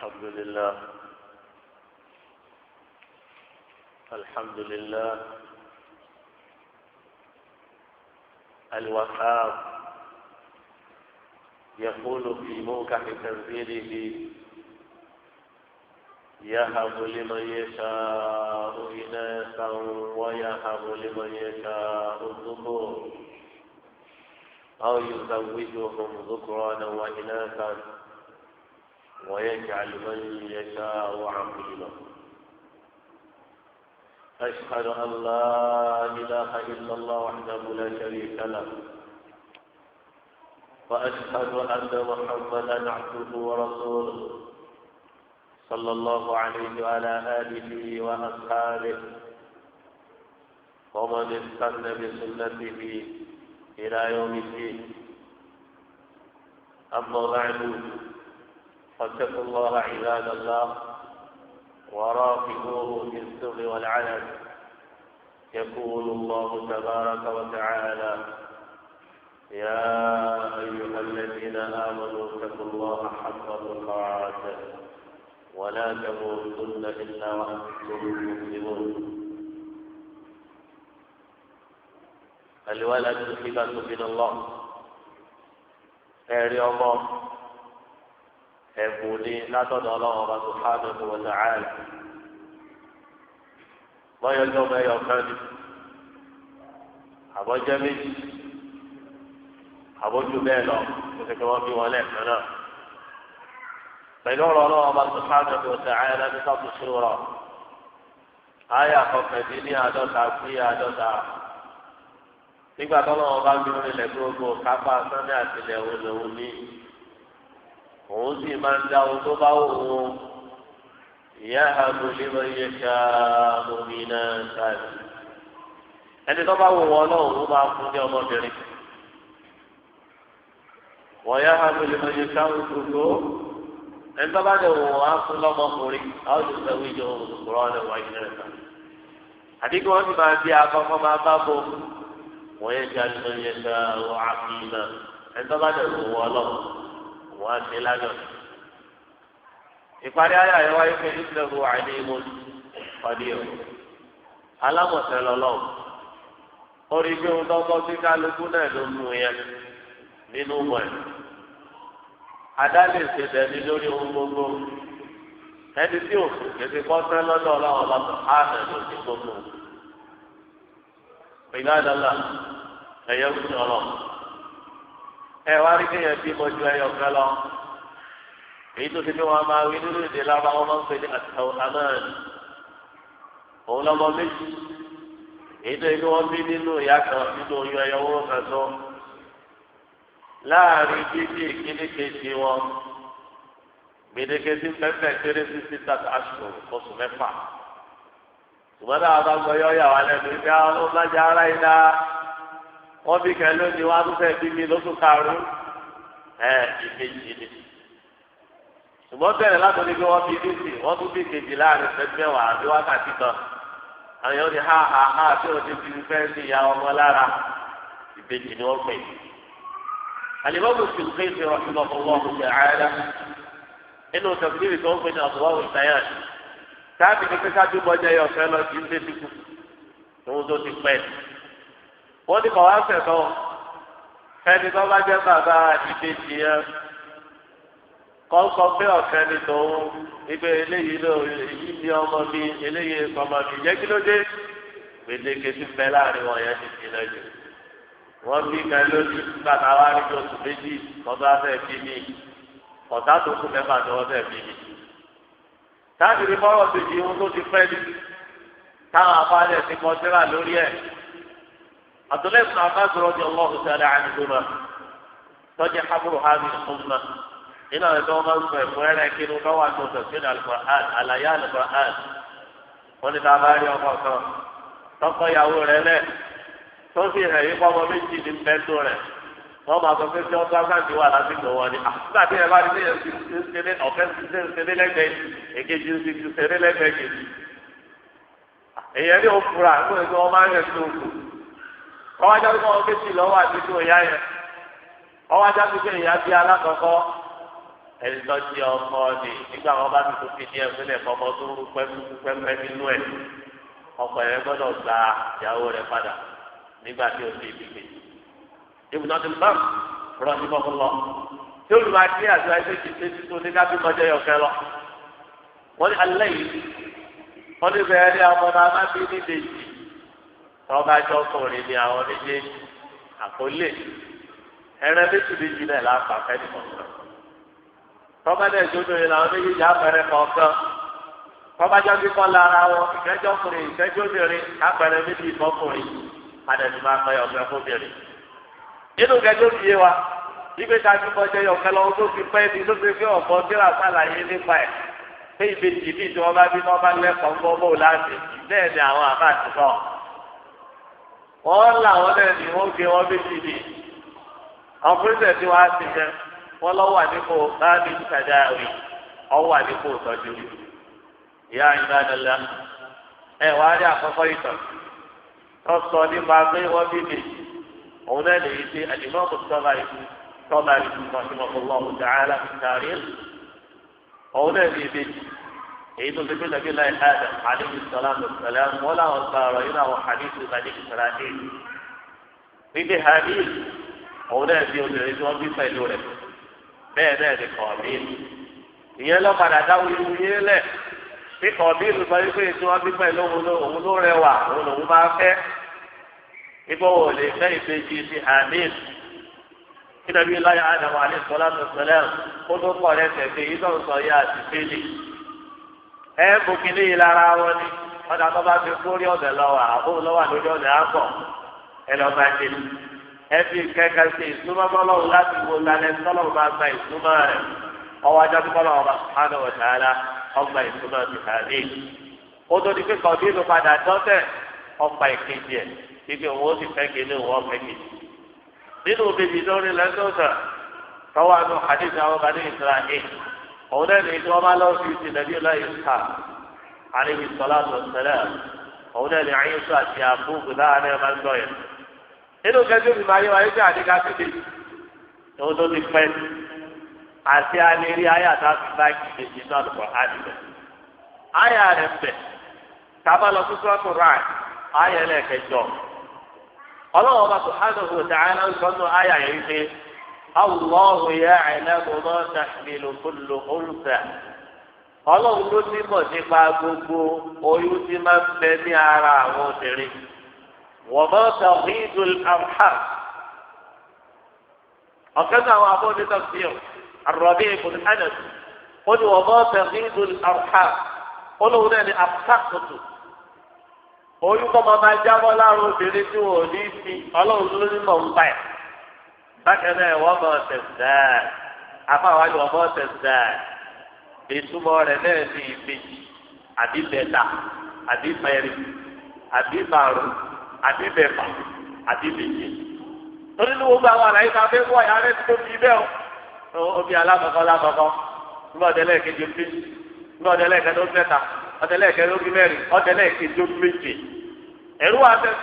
الحمد لله الحمد لله الوهاب يقول في موقع تنزيله يهب لمن يشاء إناثا ويهب لمن يشاء الذكور أو يزوجهم ذكرانا وإناثا ويجعل من يشاء عقيما أشهد أن لا إله إلا الله وحده لا شريك له وأشهد أن محمدا عبده ورسوله صلى الله عليه وعلى آله وأصحابه ومن استنى بسنته إلى يوم الدين أما بعد فاتقوا الله عباد الله وراقبوه في السر والعلن يقول الله تبارك وتعالى يا أيها الذين آمنوا اتقوا الله حق تقاته ولا تموتن إلا وأنتم مسلمون الولد الحبة من الله أعلى الله ẹ̀bùn látọ̀dọ̀ ọlọ́run ọba subhanahu wa ta'ala bọ́yọ̀jọ́ mẹ́yọ̀ kan ni àbọ̀jẹ́ méjì àbójú bẹ́ẹ̀ lọ kókèké wọ́n fi wọn lẹ́ẹ̀kan náà pẹ̀lú ọ̀rọ̀ ọlọ́run ọba subhanahu wa ta'ala ní sọ́ọ̀tù ṣúrọ̀ ayé àkọkẹ́dín ní àádọ́ta sí àádọ́ta nígbà tọ́lọ́run ọba gbé orin lẹ́gbẹ́ ogun kápá sánmi àtìlẹ́wọ̀n lòun ní. òun sì máa ń dá ohun tó bá wò wọn ìyá àbúlé wọn yẹ ká omi náà sáàbì ẹni tó bá wò wọn náà òun máa fún ní ọmọbìnrin wọ́n yá àbúlé wọn yẹ ká gbogbo ẹni tó bá dẹ̀ wò wọn á fún lọ́mọkùnrin á ó sì sọ wíjọ ọ̀nà wáyé náà sáàbì àti kí wọ́n sì máa bí akọ́kọ́ máa bá bò wọ́n yẹ ká ló yẹ ká wọ́n á fi náà ẹni tó bá dẹ̀ wò wọn náà. wọ́n á ṣe lánàá. ìparí ayé àyẹ̀ wáyé pé ìṣẹ́gun wà ní imú ọdí o alámọ̀tẹ́ lọ́lọ́ọ̀ orí bí ohun tọ́kọ́ sí kálukú náà ló mú yẹn nínú mọ̀ ẹ̀. adá lè ṣe lórí ohun gbogbo ẹni tí gbogbo. ẹ wá rí kéèyàn bí mo ju ẹyọ kan lọ èyí tó ti fi wọn máa wí nínú ìdè lábá wọn máa ń pè ní àtàwọn anáàn òun lọmọ méjì èyí tó ti wọn bí nínú ìyá kan nínú oyún ẹyọ wọn kan tó láàrin bíbí ìkíní kejì wọn gbèdéke tí pẹpẹ kéré sí sísá aṣọ oṣù mẹ́fà ṣùgbọ́n náà bá gbọ́ yọ ọ́ yà lẹ́nu ìgbà ó ara yìí náà. wọ́n bí kẹ́ lónìí wọ́n á tún fẹ́ bí mi lóṣù karùn-ún ẹ̀ ìkejì ni. ṣùgbọ́n bẹ̀rẹ̀ látọ̀dé pé wọ́n bí bísí wọ́n tún kejì láàrin wákàtí kan. ha ha ha tí o ti fi fẹ́ sí ìyá ọmọ lára ìbejì ni wọ́n pè. àlìbọ́bù sì ń kéde ọ̀ṣunà ọlọ́run ṣe tó ń pè ní wọ́n ti kọ̀ wá sẹ̀tọ́ ẹni tó bá jẹ́ bàbá ìbejì yẹn kọ́ sọ pé ọ̀kẹ́ ni tòun ibẹ̀ eléyìí ló èyí ni ọmọ mi eléyìí ọmọ mi jẹ́ kí ló dé gbèdéke ti bẹ láàrin wọn yẹn ti ti lọ jù wọ́n bí kan lójú bàtà wa ní oṣù méjì ọdún afẹ́ bí mi ọ̀tá tó kú mẹ́fà ni wọ́n fẹ́ bí mi. táàbìrì fọ́rọ̀ ti di ohun tó ti pẹ́ ní táwọn afárẹ̀ ti kọ́ síra lórí ẹ̀. عبد الله بن عباس رضي الله تعالى عنهما تجي حبر هذه الأمة إلى يوم القيامة ولكن قوات تفسير القرآن على يال القرآن ولذا باري وفاقا تبقى يقول له توفي هي بابا ميجي من بيتوره wọ́n máa sọ pé tí wọ́n bá sáǹtì wà lásìkò wọn ni àtúntà tí ẹ bá rí ṣe ṣeré ọ̀fẹ́ ṣe ṣeré lẹ́gbẹ̀ẹ́ èkejì ṣe ṣeré lẹ́gbẹ̀ẹ́ kejì. èyí ọwọ́ ajá pípọ̀ ọmọ méjì lọ́wọ́ àdúgbò ìyá yẹn ọwọ́ ajá pípọ̀ ìyá bíi alákọ̀ọ́kọ́ ẹ̀yìn lọ sí ọmọ ni nígbà wọn bá ti tó fi díẹ̀ sílẹ̀ fọmọ tó rú pẹ́pẹ́ nínú ẹ̀ ọkọ yẹn gbọ́dọ̀ gba ìyàwó rẹ̀ padà nígbà tí o ti ibi kejì ibùdó ti bá rọ sí kọ́kọ́ lọ tí olùwà dé àdúrà ẹgbẹ́ ti ṣe títún ní ká bí kọjá yọkẹ́ lọ wọ́n ní alẹ́ yìí wọ́n ní bẹ̀rẹ̀ ní tọ́ba jọ́kùnrin ni àwọn méjèèjì àkọlé ẹrẹ méjì méjì náà láǹfà fẹ́ni kọ̀ọ̀kan tọ́ba náà jóná yìí làwọn méjèèjì àpẹẹrẹ kọ̀ọ̀kan tọ́ba jọ kíkọ́ lára wọn ìfẹ́jọ́kùnrin ìfẹ́jọ́bìnrin àpẹẹrẹ méjì ìfọ́kùnrin àdẹ̀tí máa pẹ́ ọ̀gbẹ́ fóbìnrin. nínú kẹjọ fi yé wa ibi tá a ti kọjá yọ̀kẹ́ lọ́wọ́ tó fi pẹ́ ibi tó fi fi ọ̀pọ̀ síra sàlàyé nípa ẹ̀ pé ìbejì bíi tí wọ́n wọ́n làwọn náà ni wọ́n gé wọ́n méjì ni àwọn pírẹ́sẹ̀ tí wọ́n á ti jẹ wọ́n lọ́ wà báàbí ìtajà rí ọwọ́ wà nípò ìtọ́jú rí ìyá ìgbàdàlá ẹ wà á rí àkọ́kọ́ ìtàn tó sọ nípa pé wọ́n bí mi òun náà lè ṣe àdìmọ́kù tọ́ba ìlú tọ́ba ìlú mọ̀tìmọ̀kù lọ́wọ́ òun náà èyí tó tẹ́tẹ́ lẹ́bí láì ádà àdéhùn sọlá ló sọlá wọn làwọn gba ọ̀rọ̀ yìí làwọn hadith ìbàdí ìsọlá èyí. wípé hadith òun náà di obìnrin tí wọ́n bí pẹ̀lú rẹ̀ bẹ́ẹ̀ náà ni kọ̀ọ̀bí. ìyẹn lọ padà dáwọ́ irú yé lẹ̀ bí kọ̀ọ̀bí ìlú sọ wípé tí wọ́n bí pẹ̀lú òun ló rẹwà òun lòun máa fẹ́. ibò wò lè fẹ́ ìbejì ti hadith kí nàbí láyà ádà wà ní sọlá ló sọlá kó tó kọ̀ rẹ̀ tẹ̀sí ẹ bù kínní wọn ni ọ̀dà tó bá fi kórí ọ̀dẹ̀ lọ́wọ́ àbó lọ́wọ́ lórí ọ̀dẹ̀ àpọ̀ ẹ lọ́ ẹ fi kẹ́kẹ́ ṣe ìsúná bọ́lọ́wọ́ láti wo lálẹ́ sọ́lọ́wọ́ bá gba ìsúná rẹ̀ ọwọ́ ajá tó bọ́lọ́wọ́ bá sùpánù ọgbà ìsúná ti ó tó di pé kọ̀ọ̀dé ló padà dọ́tẹ̀ ọgbà ìkejì ẹ̀ ibi òun ó sì fẹ́ òun nínú lórí tọ́wọ́ àánú hadith àwọn òun náà ní ìjọba máa lọ sí ti nàbí ọláyé ká àlejò sọlá tó ṣẹlẹ̀ òun náà ní ayé sọ àti àbúgbò láàárín ọmọ ẹgbẹ́ yẹn nínú kẹjọ mi máa yẹ wáyé bí àdéka síbi òun tó ti pẹ́ àti alérí ayé àtàkì báyìí kejì náà lọ àdìgbẹ ayé rẹ bẹ tábà lọ sí sọ́ọ̀tù ráì ayé rẹ kẹjọ ọlọ́wọ́ ya الله يعلم ما تحمل كل أنثى ọlọ́run ló ní mọ̀ nípa gbogbo oyún tí máa ń bẹ ní ara àwọn obìnrin wọ́n máa ń sọ hídùn amhar ọ̀kan náà àwọn abóni náà fi hàn àròbí ibùdó anas ó ní wọ́n máa ń sọ hídùn amhar náà ní absakùtù oyún kọ́ máa máa jábọ́ láàrin obìnrin tí wọ́n ò ní fi ọlọ́run ló ní mọ̀ ń báyìí bákan náà wọ́n bọ̀ tẹ̀sán afáwájú wọ́n bọ̀ tẹ̀sán ìtumọ̀ rẹ̀ náà ní ìbejì àbí bẹ̀ta àbí mẹ́rin àbí márùn àbí mẹ́fà àbí méje. torí ní gbogbo àwọn àlàyé náà fẹ́ wọ̀ ya rẹ̀ tó fi bẹ́ẹ̀ o omi alábọ̀kọ́ lábọ̀kọ́ nígbà ọ̀dẹ́lẹ̀ kejì ó fi nígbà ọ̀dẹ́lẹ̀ kẹta mẹ́ta ọ̀dẹ́lẹ̀ kẹta mẹ́rin ọ̀dẹ́lẹ̀ kejì ó méje. ẹ̀rú wa fẹ́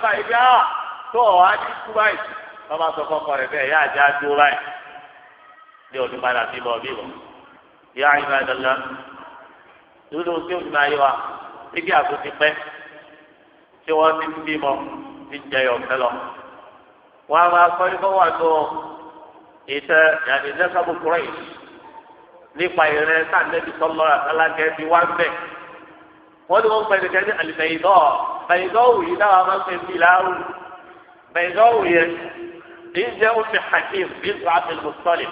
wọ́n sọ fọ́kọ rẹ̀ bẹ́ẹ̀ yá àjá dúró báyìí ní ọdún padà sí bọ̀ bíbọ̀ yá ìgbà dandan lórí oṣù tí máa yọ wa níbi àtúntì pẹ́ tí wọ́n ti ń bímọ ti jẹyọ ọ̀fẹ́ lọ. wọ́n á máa kọ́ ikọ́ wà tó ìtẹ́ yàtì lẹ́sàbù kúrẹ́yì nípa ìrẹ́ sàǹdẹ́bí sọ́lọ́ alágẹ́ bí wá ń bẹ̀. wọ́n ní wọ́n pẹ́ nìkan ní àlìbẹ̀yìndọ́ bẹ̀yìndọ́ wù yìí dáwà إن جاءوا في حكيم بنت عبد المطلب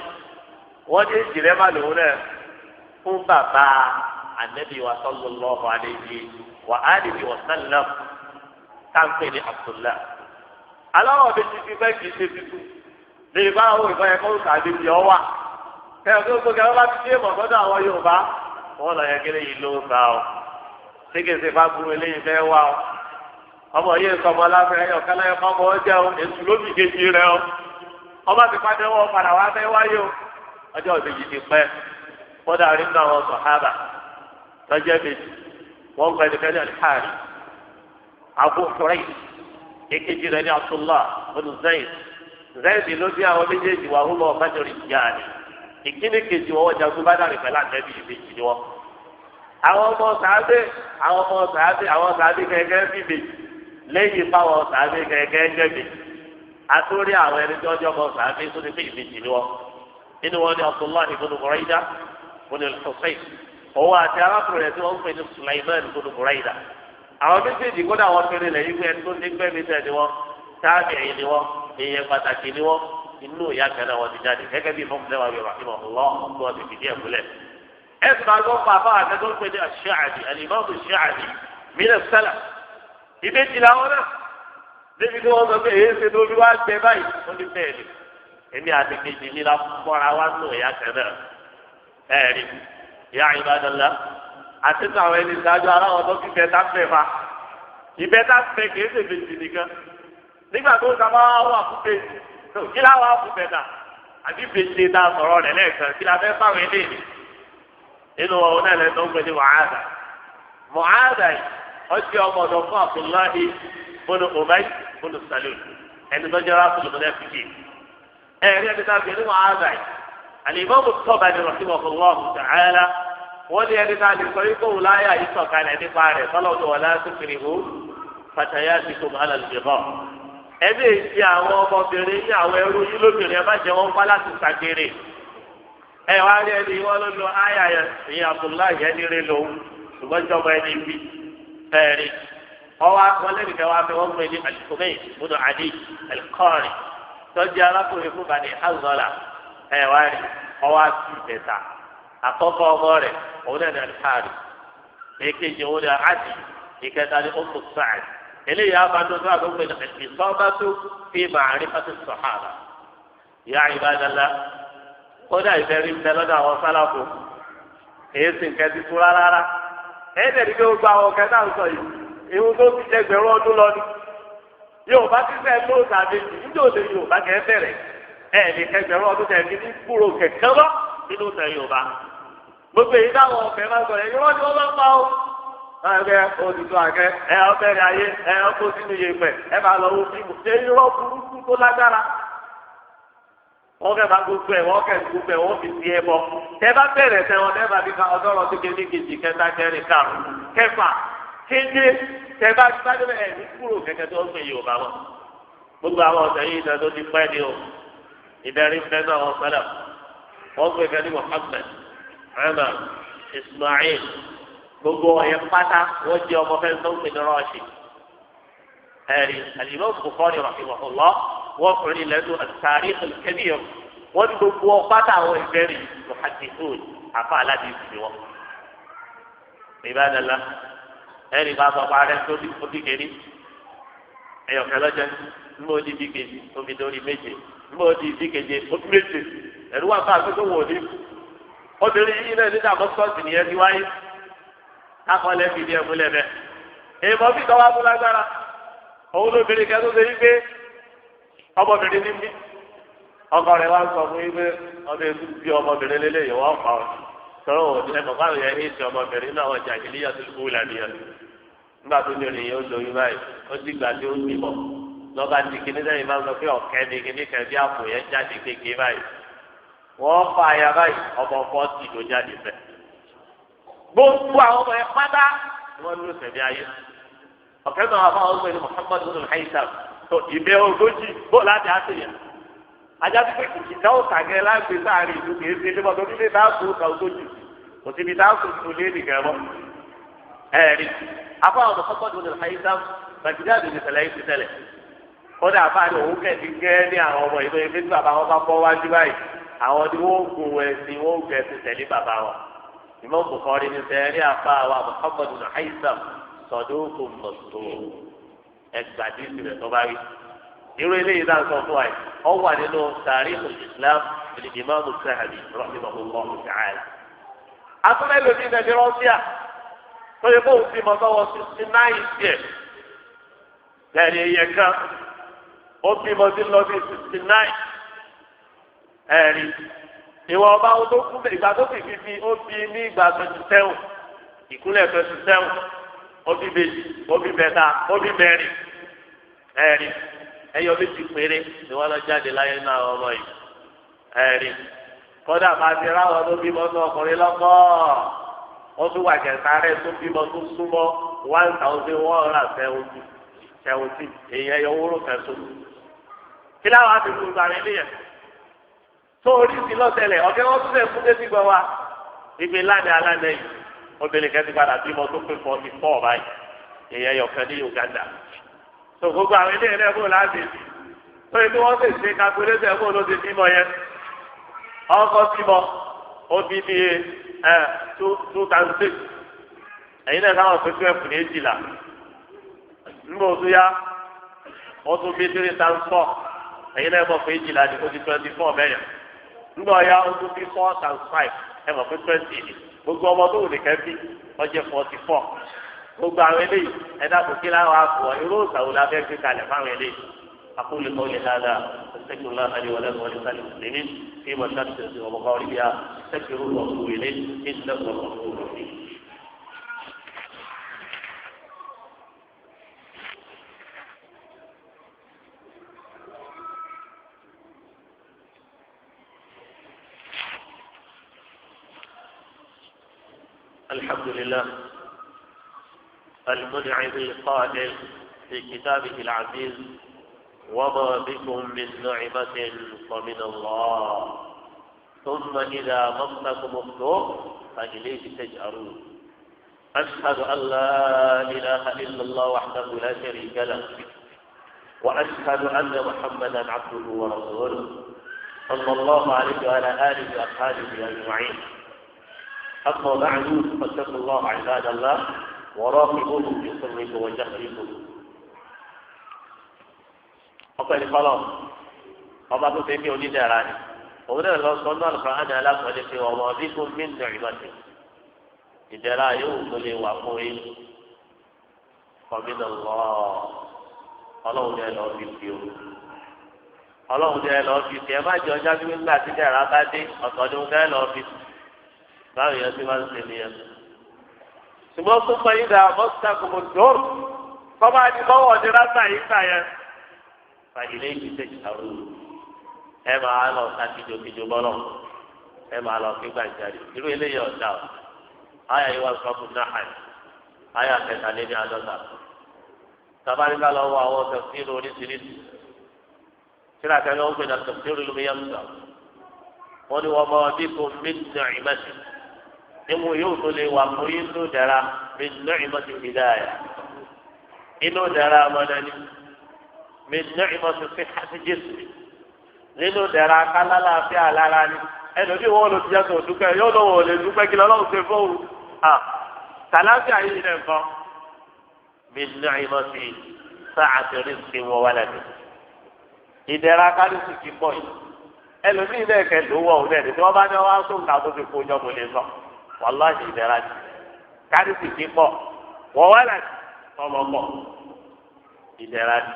وجه جريمة لهنا هم بابا النبي صلى الله عليه وآله وسلم كان في عبد الله على ما بتجي بك يسبب lè bá àwọn ìbá ẹ̀kọ́ tàbí ti ọ wà ẹ ò tó gbogbo àwọn bá ti dé mọ̀gbọ́dọ̀ àwọn Yorùbá wọn lọ yẹ kí lè yìí ló ń ta ọ ṣé kí n ṣe fá eléyìí fẹ́ wá ọ. ọmọ yìí nǹkan ọmọ aláfẹ́ ẹ̀yọ̀ kálá ẹ̀kọ́ ọmọ ọjọ́ o èsù ló fi kejì rẹ o ọmọ ti padà wọ padà wá fẹ́ wáyé o ọjọ́ òbejì ti pẹ́ kódà rí nínú àwọn sọ̀hábà alihari abu rẹ ní ló bí àwọn méjèèjì wà ìkíni kejì wọn ni lẹ́yìn fáwọn sàbí kẹ̀kẹ́ jẹ̀bi àtúrí àwọn ẹni tó jọ́ bọ́ sàbí tó ti fi ìbejì ni wọn nínú wọn ni abdullahi ibn buraida ibn al-husayn òun àti arákùnrin tí wọn ń pè ní sulaiman ibn buraida àwọn méjèèjì kódà wọn fẹ́rẹ̀ lẹ́yìn pé ẹni tó ní gbẹ̀mí tẹ̀ ni wọn táàbìrì ni wọn èèyàn pàtàkì ni wọn inú ìyá kan wọn ti jáde gẹ́gẹ́ bí mọ́kúnlẹ́ wa yorùbá ìmọ̀ ọlọ́run tó ti fìdí ẹ̀ múlẹ̀. ẹ̀sùn àgbọ̀pọ̀ àfáà kẹ́kọ̀ọ́ pé ní aṣáàdì àlìmọ́ọ̀dù aṣáàdì mílẹ̀ sálà ìbejì làwọn náà débi tí wọ́n sọ pé èyí ṣe lórí wá gbẹ báyìí ó ní bẹ́ẹ̀ ni èmi àti kejì mi la fọ́ra wá sùn ìyá kan náà ẹ̀rí ìyá ìbádọ́lá àti sọ àwọn ẹni ìdájọ́ aláwọ̀ tó fi bẹ́ẹ̀ tá fẹ́ fa ìbẹ́ tá fẹ́ kìí ṣe bèjì nìkan nígbà tó sábà wà fún bèjì tó kí láwa fún bẹ́ẹ̀ náà bèjì ta sọ̀rọ̀ rẹ̀ lẹ́ẹ̀kan kí la fẹ́ fáwọn eléyìí nínú ọ̀hún náà lẹ́nu ó gbẹ ọjọ́ ọmọ ọ̀dọ̀ fún abdullahi bọ́lú ọ̀báyì bọ́lú salim ẹni tó jẹ́ra fún ìmọ̀lẹ́ fìdí. ẹ rí ẹni tá a bẹ̀rẹ̀ wọn àgbà yìí àlìmọ́ mu tọ́ba ni rọ̀sí wọn fún wọn ọ̀hún tààlà wọ́n ní ẹni tá a lè sọ yìí kóhùn láyà yìí sọ̀kalẹ̀ nípa rẹ̀ fọlọ́dún wọn kiri hù fàtàyà ti kò mọ́ alàlùbẹ̀bọ̀. ẹ bí èsì àwọn ọmọbìnrin ní àwọn ẹrú yìí lóbìnrin ẹ má jẹ wọn pa ẹ̀rí ọwọ́ akọ́lẹ́ nìkan wá fẹ́ wọ́n mú ẹni àtìkùnmẹ́ ìbùdó àdé ẹ̀kọ́rin tọ́jú alákùnrin fún bani azọ́là ẹ̀ wá rí ọwọ́ àti ìtẹ̀ta àkọ́kọ́ ọmọ rẹ̀ òun náà ní alifáàrí èkejì òun ní àdì ìkẹta ní ọmọ sáà eléyìí abájọ tó àgbẹ̀ wọlé ìsọ́bátú fi màárín fásitì sọ̀hánà yá ìbádàlá ó dá ìfẹ́ ń bẹ lọ́dọ̀ àwọn sálàkù èyí sì ń kẹ́ ti tú rárá. ẹ̀ẹ́dẹ̀ ní pé gbogbo àwọn ọ̀kẹ́ náà sọ yìí ìhun tó fi ẹgbẹ̀rún ọdún lọ ni yorùbá ti fẹ́ ló tàbí níjó lè yorùbá kẹ́ bẹ̀rẹ̀ ẹ̀ ní ẹgbẹ̀rún ọdún tẹ̀ ní kúrò kẹ̀kẹ́ lọ nínú tẹ̀ gbogbo èyí máa sọ ni wọ́n ń pa ó ẹgbẹ́ olùdó àgẹ́ ẹ ọbẹ̀rẹ̀ ayé ẹ ọkọ̀ sínú ẹ máa lọ wọ́n kẹ́ bá gbogbo ẹ̀ wọ́n kẹ́ gbogbo ẹ̀ wọ́n fi ti ẹ bọ́ tẹ́ bá bẹ̀rẹ̀ tẹ́ wọn tẹ́ bá fi ka ọdọ́rọ̀ tó ké ní kejì kẹta kẹrin karùn-ún kẹfà kéde tẹ́ bá fi bájú ẹ̀ ní kúrò kẹ̀kẹ́ tó ń pè Yorùbá wọn. gbogbo àwọn ọ̀sẹ̀ yìí ìdá tó ti pẹ́ ni o ìdarí fẹ́ náà wọn sọ́dọ̀ wọ́n pè fẹ́ ní Muhammad Ahmad Ismail gbogbo ọ̀yẹ́ pátá wọ́n jẹ́ ọmọ fẹ́ wọ́n kùn ní lẹ́nu àtàrí ìkẹ́bíyàn wọ́n ti gbogbo pátá àwọn ìbẹ̀rẹ̀ muhadithun àfa aládìí ìsìn wọn. ìbádàlá ẹnì bá sọ parẹ́ tó ti kéde ẹ̀yọ̀kẹ́ lọ́jọ́ mbọ́ di bí kejì omi dórí méje mbọ́ di bí keje omi méje ẹ̀rú wà fáà gbogbo wò ní. obìnrin yìí náà nígbà mọ́sọ́ọ̀sì nìyẹn ti wáyé akọlẹ́ fìdí ẹ̀ múlẹ̀ bẹ́ẹ̀. èèmọ̀ fi tọ́wọ́ abúlágbára òun lóbìnrin kẹ́ tó ṣe yí pé ọmọbìnrin ní bí ọkọ rẹ wá ń sọ fún yín pé ọdún ètò bí ọmọbìnrin lélẹ̀ yìí wọ́n pa ọ́ tọ́rọ òní ẹ̀ bàbá rẹ̀ yẹn ti ọmọbìnrin náà ọjà ìlíyà tó kú lànìyàn nígbà tó ní oníyẹn ó lóyún báyìí ó ti gbà tí ó ti bọ̀ lọ́ba ti kíní lẹ́yìn máa ń sọ pé ọ̀kẹ́ ni kíní kan bí àpò yẹn jáde kéke báyìí wọ́n fa aya báyìí ọmọ fọ́ọ̀tì ló jáde bẹ́ẹ̀. gbogbo àwọn ọmọ yẹn pátá wọ́n ló sẹ̀mí ayé ọ̀kẹ́ náà wà fáwọn ọgbẹ́ni Muhammadu nínú haisam tó ìbẹ́ ogójì bó láti á sèyàn ajáde pé ìdá òkà gẹ láti sáàrin ìlú kìí ṣe lébọn tó ní lè dáàbò òkà ogójì kò síbi dáàbò tó lé nìkan mọ ẹẹrí afáwọn ọmọ fọkàndínlọ ní àyíká gbajúgbàjù ní tẹ́lẹ̀ yìí tẹ́lẹ̀ kódà àfáàní òun kẹ̀sí gẹ́ ní àwọn ọmọ ìlú ẹgbẹ́ tí bàbá wọn bá bọ́ wájú báyìí àwọn ni wọ́n gùn ẹ̀sìn wọ́n gùn ẹ̀sìn tẹ̀lé bàbá wọn ìmọ̀ bùkọ́rin ní sẹ́ẹ̀rí àfáà wa mọ̀ fọkàndínlọ àyíká sọ̀dọ̀ ẹgbàá dín sílẹ̀ tó bá rí irú eléyìí náà sọ fún wa yìí ọ wà nínú tàríkù islam ìdìmọ́mù sàhàbì rahimahullahu ta'ala. atúmọ̀ èlò ní nàìjíríà rọ́ṣíà tó yẹ kóun ti mọ̀ sọ́wọ́ sixty nine years lẹ́yìn iye kan ó ti mọ̀ sí lọ sí sixty nine ẹ̀rí ìwọ̀n ọba tó kú ìgbà tó fi fi fi ó fi ní ìgbà twenty seven ìkúlẹ̀ twenty seven obi méjì obi mẹ́ta obi mẹ́rin ẹ̀rin ẹyọ méjì péré ni wọ́n lọ jáde láyé náà ọmọ yìí ẹ̀rin kọ́dà máa ti ráwọ̀ tó bímọ tó ọkùnrin lọ́kọ́ wọ́n tún wà kẹta rẹ̀ tó bímọ tó súnmọ́ one thousand one hundred and seventy seventy èyí ẹyọ wúrò kẹsùn kí láwọn á ti kú sáré níyẹn tó orí sí lọ́sẹ̀lẹ̀ ọ̀gẹ́ wọn tún fẹ́ fún dé sí gbọ́ wa ìgbé ládàá ládàá yìí obìnrin kan ti padà bímọ tó pé fọ ti fọ èyẹ yọkan ní Uganda tó gbogbo àwọn ilé ẹlẹ́gbẹ́ ò láti tó ibi wọ́n sì ṣe kakuléṣẹ̀ fún ló ti bímọ yẹn ọkọ bímọ ó bí bí ẹ two thousand six ẹ̀yin náà táwọn pé twelve ní èjìlá nígbà oṣù yá wọ́n tún bí three thousand four ẹ̀yin náà mọ̀ pé èjìlá ni ó ti twenty four mẹ́rin nígbà ọ̀yá ó tún bí four thousand five ẹ̀ mọ̀ pé twenty ni gbogbo ọmọ tó wù ní kẹ́bí ọjọ́ forty four gbogbo àwọn eléyìí ẹ̀dá kò kí láwọn akọ irú ìsàwọ̀ la fẹ́ fi kalẹ̀ fáwọn eléyìí akóle kọ́ lè hàdà sẹ́kì ńlá àdé wọlé wọlé sálẹ̀ mùsùlùmí kí wọ́n ṣàtúnṣe ọmọkọ́ rí bíyà sẹ́kì rúbọ̀ kúrò ilé ní ìsìlẹ̀ ọ̀pọ̀ kúrò rí. الحمد لله المنعم القائل في كتابه العزيز وما بكم من نعمة فمن الله ثم إذا مسكم الضر فإليه تجأرون أشهد أن لا إله إلا الله وحده لا شريك له وأشهد أن محمدا عبده ورسوله صلى الله عليه وعلى آله وأصحابه أجمعين أما بعد فاتقوا الله عباد الله وراقبوه في سركم وجهركم ọpẹ́ ní kọlọ ọba tó fẹẹ kí onídàára ni òun náà lọ sọ náà lọkọ àná alákọọlẹ pé ọmọ ọdún kò mí nà ìmọtì ìdẹ̀ra yóò tó lè wà fún yín kọmínà lọ Ọlọ́run náà lọ fi fi o Ọlọ́run náà lọ fi fi ẹ má jẹ ọjà bí wọn gbà sí bá dé ọ̀tọ̀ ni wọn náà lọ fi fi báwo yẹn ti máa ń ṣe nìyẹn. ṣùgbọ́n tó sọ yín dà mọ́sítà kò mọ̀ dọ́rù tọ́ba ni bọ́wọ̀ ọdún rásà yìí kà yẹn. fa ilé yìí ṣe ìṣàrò ẹ máa lọ ká kíjokíjo bọ́lọ̀ ẹ máa lọ kí gbàjáde irú eléyìí ọ̀dà ọ̀ ayà yìí wà sọ́kùn náà ayà kẹtàlélẹ́ àdọ́ta tabarika lọ wọ àwọn tẹsíìrì oríṣiríṣi síra kẹlẹ ó gbé na tẹsíìrì lómi yẹn sọ wọn ni wọn bá wọn kò mí nà ìmẹsì nínú yóò tó lè wà fún yín tó dára mi nù ìmọ̀tò ìdáyà inú dára ọmọdé ni mi nù ìmọ̀tò fi hàtí jésù nínú dára kálálà fi àlára ni ẹnu bí wọn lò ti yàtọ̀ dúpẹ́ yóò lọ́wọ́ lè dúpẹ́ kí lọ́wọ́ ṣe fóun à kàláfíà yìí nà nǹkan mi nù ìmọ̀tò sáà tó rí ti lẹ́nu ìdẹ̀ra kálífù kì í pọ̀ yìí ẹlòmíì náà kẹ̀ ló wọ̀ ọ́ wàláhì ìdẹ́ra jù kárìsì ti pọ̀ wọ́wọ́lá tọmọ pọ̀ ìdẹ́ra jù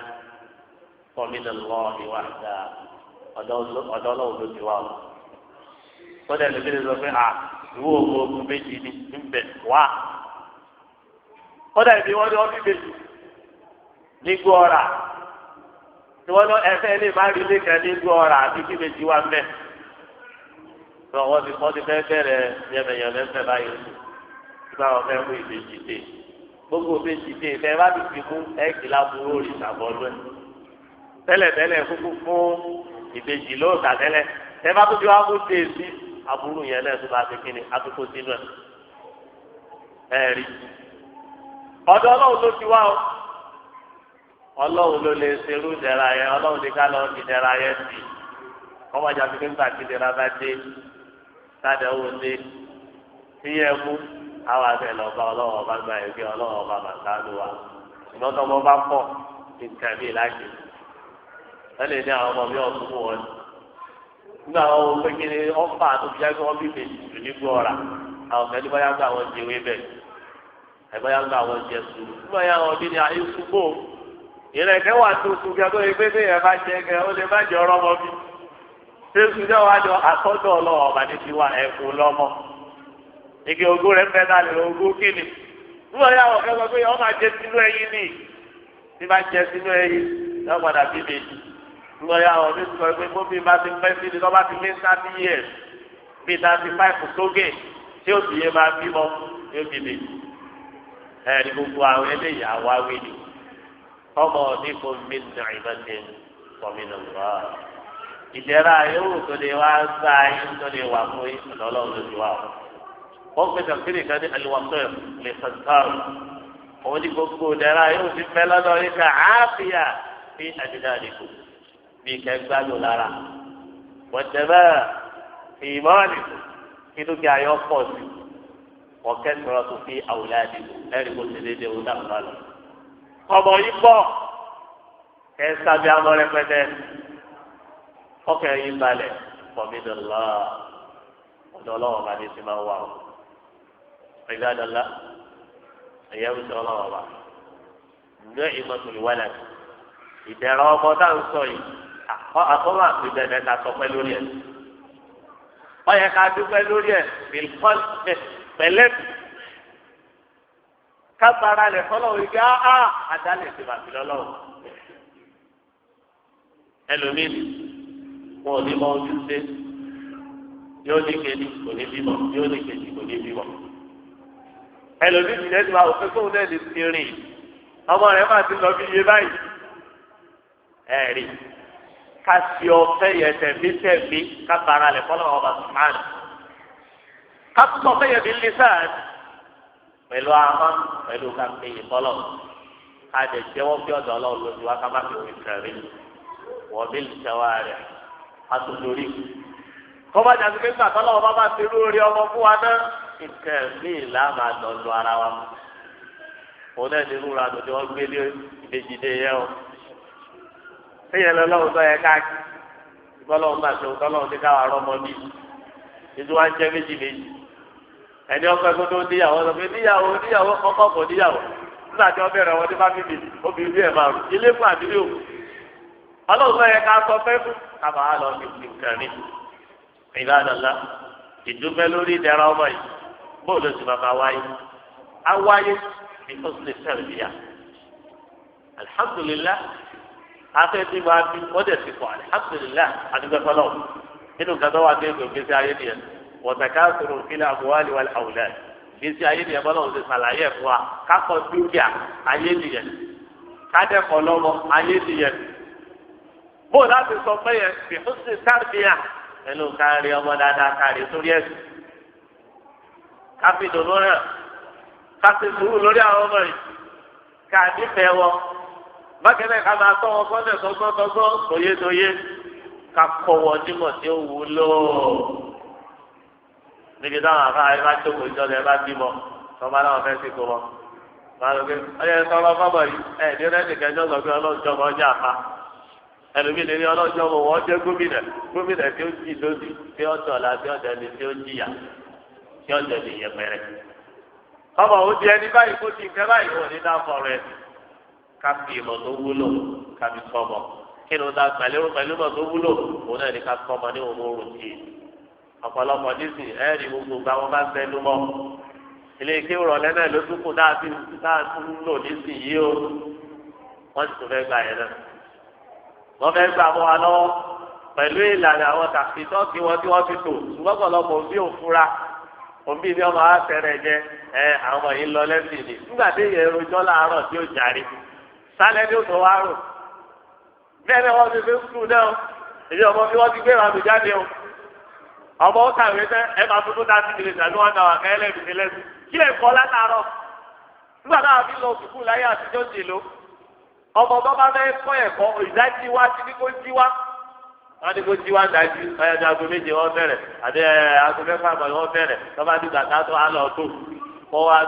kọ́mínà lọ ìwà àgbà ọ̀dọ́ ọlọ́run ló ti wà ó. kódà lóbi lè sọ pé à ìwọ ògbó ogun méjì ni níbẹ̀ wá. kódà ìbí wọn ní ọdún méjì ní gbọ́ra tí wọ́n lọ ẹ̀fẹ́ lè má lé lọ wọ́n ti wọ́n ti fẹ́ bẹ̀rẹ̀ yẹmẹyẹmẹ fẹ́ báyìí oṣù nígbà wọn fẹ́ mú ìbejì dé gbogbo ìbejì dé ìfẹ́ bá ti fi mú ẹ̀kì láburú ìṣàbọ̀lú ẹ̀ tẹ́lẹ̀tẹ́lẹ̀ kúkú fún ìbejì lóòótá tẹ́lẹ̀ tẹ́ bá tó ti wá mú dé sí aburú yẹn náà tó bá ti kíni àtúkò sínú ẹ̀ ẹ̀rí ọ̀dọ̀ ọlọ́run ló ti wá o ọlọ́run ló lè ṣerú dẹ̀ra yẹn ọlọ́run sáde owó dé awa mú àwọn ọba lọ́ba ọlọ́wọ́ ọba gba ìgbé ọlọ́wọ́ bá bá sáájú wa ìgbọ́n ọmọ bá pọ̀ nǹkan bíi láti ẹ ní àwọn ọmọ mi ọ̀tún fún wọn nígbà àwọn ohun pé kí tó fi wọn jù ní àwọn ẹni báyà gba àwọn jẹ ewé gba àwọn jẹ sùn nígbà yà wọn bí jésù jẹ́ wàá jọ àtọ́jọ́ ọlọ́wọ́ ọba ní tiwa ẹ̀kú lọ́mọ. igi ogún rẹ̀ fẹ́ dálé ogún kìnnì. nígbà yà wọ̀ kẹ́kọ̀ọ́ pé ọmọ àjẹ sínú ẹyin ni bí bá jẹ sínú ẹyin yọ padà bí méjì. nígbà yà wọ̀ mí sọ pé bóbi bá ti pẹ́ sí lọ́ba ti lé sábì yẹ bí tàbí fáìfù sókè tí ó sì yé máa bímọ yóò bí méjì. ẹ̀ẹ́dì gbogbo àwọn eléyìí àwa wí ni ọmọ ọ̀dínkù ìdẹ́ra yòówù tó lè wá gbá yín tó lè wà fún yín lọ́lọ́run ló ti o. wọ́n pè sàkírì kan ní aliwàkẹ́ lè sàkárù òun ní gbogbo ìdẹ́ra yòówù ti fẹ́ lọ́dọ̀ yín ká àáfíà bí àdìdá àdìgbò bí kẹgbàdùn lára. wọ́tẹ́bẹ́ ìmọ̀ọ́nì kí dúkìá yọ pọ̀ sí wọ́n kẹ́sọ̀rọ̀ tó fi àwòrán àdìgbò ẹ̀rí kò sí déédéé òun náà lọ. ọmọ yìí pọ̀ kẹ́sàbí amọ̀ rẹpẹtẹ ọkàn yín balẹ̀ fọmídọ́lá ọ̀dọ̀ ọlọ́wọ́ bá ní sí máa wà ó ìdádọ́lá ẹ̀yẹ́ ń sọ ọlọ́wọ́ bá ǹjẹ́ ìmọ̀tòlì wà láti ìdẹ̀rọ ọmọ tá à ń sọ yìí àkọ́wà ìbẹ̀rẹ̀ ta sọ pẹ́ lórí ẹ̀ ọyẹ ká dúpẹ́ lórí ẹ̀ bìlkọ́sì pẹ̀lẹ́ kábàárà rẹ̀ fọlọ́ ìgbà á àdálẹ̀ ìsìnkú àbílọ́lọ́wọ́ ẹlòmíì wọn ò ní mọ ojú ṣe yóò ní kejì kò ní bímọ yóò ní kejì kò ní bímọ. ẹlòmíì ti lẹ́sìn máa òfin fóun náà lè fi rìn ọmọ rẹ̀ máa ti lọ bí iye báyìí. ẹ̀rí ká sí ọ̀fẹ́ yẹn tẹ̀mí tẹ̀mí ká bara lẹ̀ fọ́lọ́ ọba sùmán. ká tún sọ fẹ́yẹ̀ bí lisan pẹ̀lú ahọ́n pẹ̀lú ká fi yìí fọ́lọ́ ká dẹ̀ jẹ́wọ́ bí ọ̀dọ̀ ọlọ́run lójú wa ká má fi wí kẹrin wọ́n bí ìṣẹ́wàá rẹ̀ àtòlórí. kọ́bá jàdú pé gbàtọ́ lọ́wọ́ bá bá ti rú orí ọmọ fún wa náà nǹkan mí làmà lọ́lọ́ ara wa. òun náà ní rúra tó ti wọ́n gbé lé ìbejì dé yẹ o. fẹ́yẹ̀ lọ́lọ́run tó yẹ káàkiri ìbọ́lọ́run bá ṣe òun tọ́lọ́run ti káwa rọ́mọ bí ìdúwà ń jẹ́ méjì méjì ẹni ọkọ ẹgbẹ tó níyàwó lọ pé níyàwó níyàwó ọkọ kò níyàwó nígbà tí wọn bẹ̀rẹ̀ wọn ní fámìlì obìnrin bí máa rù ilé fún àdúgbò kábà á lọ níbi nǹkan mi ìbádọ́lá ìdúpẹ́ lórí ìdẹ́ra ọmọ yìí bóòlù sì bàbá wáyé á wáyé ìfọ́sílẹ̀ sẹ́lẹ̀bíà alihamudulilá afẹ́tí wa bí wọ́n dẹ̀ ti kọ́ alihamudulilá adigunfọlọ́ nínú gàdọ́ wa gbẹ́gbẹ́ gbèsè ayé nìyẹn wọ̀tàká sọ̀rọ̀ fílẹ̀ àbúwálé wàlẹ̀ àwùlẹ̀ gbèsè ayé nìyẹn bọ́lá òun sàlàyé ẹ̀ fún kákọ́ dúkìá ayé nìyẹn kádẹ́kọ̀ọ́ lọ́mọ ayé nìyẹn bó láti sọ pé yẹn fi húsì tàbíyà ẹnu kárí ọmọ dáadáa kárí sórí ẹsùn káfí dòdò náà káfí sùúrù lórí àwọn ọmọ yìí káàdì fẹ́ wọn bákẹ́lẹ́ ká máa tọ́ wọn kọ́lẹ̀ sọ́gbọ́sọ́gbọ́ tòyétòyé ká kọ́ wọn nímọ̀ tí ó wúlò níbi táwọn afárá ẹ bá jókòó ìjọba ẹ bá bímọ tọ́ba náà fẹ́ sí kó wọn. màá lọ fọ́bọ̀ yìí ẹ̀ ní sọ pé ọlọ́run jọba ẹlòmíì lè ní ọlọ́jọ́ wọn wọ́n jẹ́ gómìnà gómìnà tí ó jì lódì tí ó tọ̀la tí ó dẹni tí ó jìyà tí ó dẹni yẹpẹrẹ. ọmọ òun di ẹni báyìí kó ti nǹkan báyìí wọ̀ nínú afọ̀rẹ́ ká fi ìmọ̀ tó wúlò sọmọ kí pẹ̀lú pẹ̀lú ìmọ̀ tó o wọ́n fẹ́ gbà bọ́ wa lọ́wọ́ pẹ̀lú ìlànà àwọn tàfitọ́ kí wọ́n tí wọ́n ti tò ṣùgbọ́n pọ̀lọpọ̀ òbí òfura òbí ni ọmọ àtẹrẹ jẹ ẹ àwọn yìí lọ lẹ́sìn ni nígbà tí èyí rojọ́ láàárọ̀ tí ó jàre sálẹ̀ ní òtò wa rò bẹ́ẹ̀ ni wọ́n ti fi sùn náà èyí ọmọ bí wọ́n ti gbé ìrànlọ́ jáde o ọmọ ó kàwé tẹ ẹ máa fi kúta sí ìrìnà ní wọn náà kẹ́lẹ́ ìrìnlẹ́sìn kí lè kọ́ látàárọ̀ nígbà táwọn fi lọ sùkúù ọmọ bàbá bẹ kọ ẹ̀kọ́ ìdájí wa ti ní jí wa wọn ní kó jí wa dájú aago méje àti aago mẹ́fà tó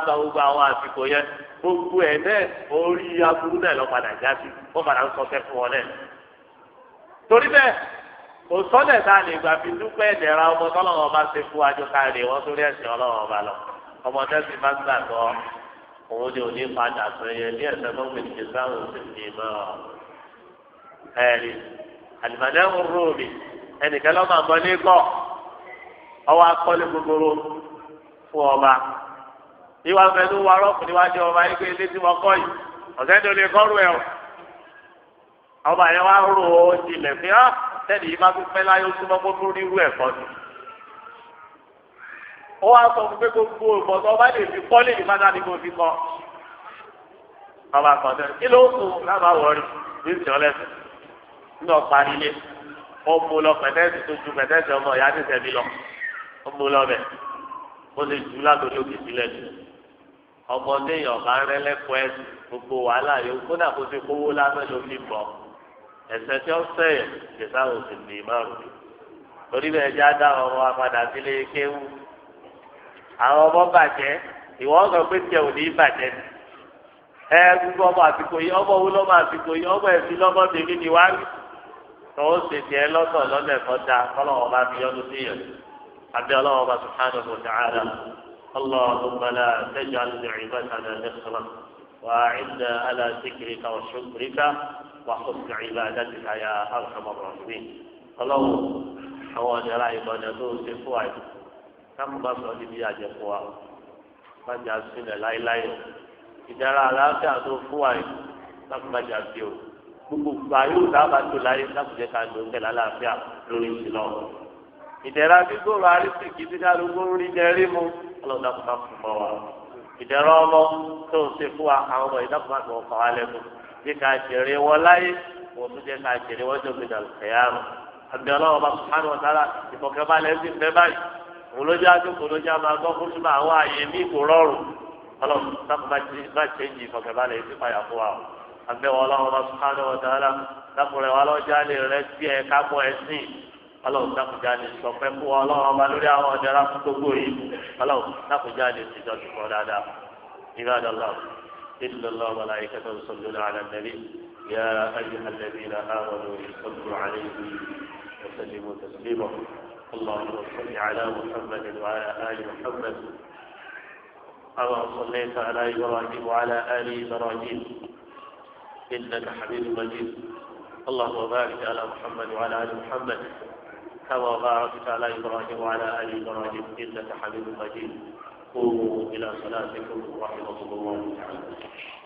tó gba gbogbo àwọn àsìkò yẹn gbogbo náà orí aburú náà padà já sí padà ń sọ fún wọn náà torí bẹ́ẹ̀ kò tá a lè gbà fi lọ ọmọ gbà òun ni òní padà sọ yẹ ní ẹsẹ̀ mọ́gbìn ti sáwọn òsì ní mọ́ ẹ̀rí àlùmọ́lẹ́ ń rú mi ẹnìkan lọ́mọ àmọ́ ní kọ́ ọwọ́ akọ́lé gbogbo fún ọba ìwà fẹnu wa rọ́ọ̀kù níwájú ọba yìí pé ilé tí wọ́n kọ́ yìí ọ̀sẹ̀ tó lè kọ́rù ẹ̀ o ọba yẹn wá rò ó jìnlẹ̀ fi hàn sẹ́ni yìí má tún pẹ́ láyé ó túnbọ̀ gbogbo rírú ẹ̀kọ́ ni ó wá sọ fún pé gbogbo ìbọn tó bá lè fi kọ́lé ní pátá ni mo fi kọ́ ọba kọ̀ọ̀tẹ́ kí ló kù lábàá wọ̀ọ́rì ní ìsìn ọlẹ́sìn ní ọ̀pá nílé ó mú lọ pẹ̀tẹ́sì tó ju pẹ̀tẹ́sì ọmọ ìyá ti tẹ̀mí lọ ó mú lọ bẹ̀ ó lè jù látòlí òkè sílẹ̀ jù ọmọ déèyàn bá ń rẹ́lẹ́kọ̀ọ́ ẹ̀sìn gbogbo wàhálà yòó kódà kó ti kówó lásán ló fi bọ̀ ẹ̀sẹ̀ tí ó sẹ̀yẹ̀ ìgbésà òsì nìyí márùn torí bẹ́ẹ̀ já dá ọmọ apàdà kéwù àwọn ọmọ bàjẹ́ ìwọ sọ pé tiẹ̀ ò ní bàjẹ́ ni ẹ gbogbo ọmọ àsìkò yìí ọmọ owó lọ́mọ àsìkò yìí ọmọ ẹ̀sìn lọ́mọ tèmi ni wá rí tọ́wọ́ ṣe tiẹ̀ lọ́tọ̀ lọ́nà ẹ̀kọ́ da kọ́lọ́wọ́ bá fi yọ́nu sí yẹn àbí ọlọ́wọ́ bá subhanahu wa ta'ala اللهم لا تجعل عبادنا نخرا وأعنا على ذكرك وشكرك وحسن عبادتك يا أرحم الراحمين اللهم حوالي رأي بنا نوسف káàkùn bá sọ níbi àjẹpọ̀ wa bájà sílẹ̀ láéláé ìdára àlàáfíà tó fún wa yìí káàkùn bájà sí o gbogbo gba yóò dábàá tó láyé káàkùn jẹ́ ká ló ń kẹ́lá àlàáfíà lórí ìṣìlọ. ìdẹ̀ra gbígbóòrò arísì kìí dáadó gbóòrò ní jẹ́rí mu ọlọ́dà kò má fún wa. ìdẹ̀ra ọmọ tó ń ṣe fún wa àwọn ọmọ ìdá kò má fún ọkọ̀ wa lẹ́nu bí ká jèrè wọn láyé wọ́n tún jẹ́ ká jèrè wọ́n jọ olójú àdókò olójú àmà gbọ́ kó túbọ̀ àwọn àyè mí kò rọrùn ọlọ́run sábà bá ṣe ń yí ìfọ̀kànbalẹ̀ ètò ìpayà fún wa abẹ́wọ̀ ọlọ́run bá sùpánù ọ̀dàlá lákùnrin wa lọ́jà lè rẹ sí ẹ kápọ̀ ẹ̀sìn ọlọ́run dákùnjá lè sọ pé fún ọlọ́run ọba lórí àwọn ọ̀dẹ́rà fún gbogbo yìí ọlọ́run dákùnjá lè ti jọ dùkọ̀ dáadáa ìbáàdà ọlọ́run إلا الله ملائكته يصلون على النبي يا أيها الذين آمنوا صلوا عليه وسلموا اللهم صل على محمد وعلى آل محمد كما صليت على إبراهيم وعلى آل إبراهيم إنك حميد مجيد اللهم بارك على محمد وعلى آل محمد كما باركت على إبراهيم وعلى آل إبراهيم إنك حميد مجيد قوموا إلى صلاتكم ورحمة الله تعالى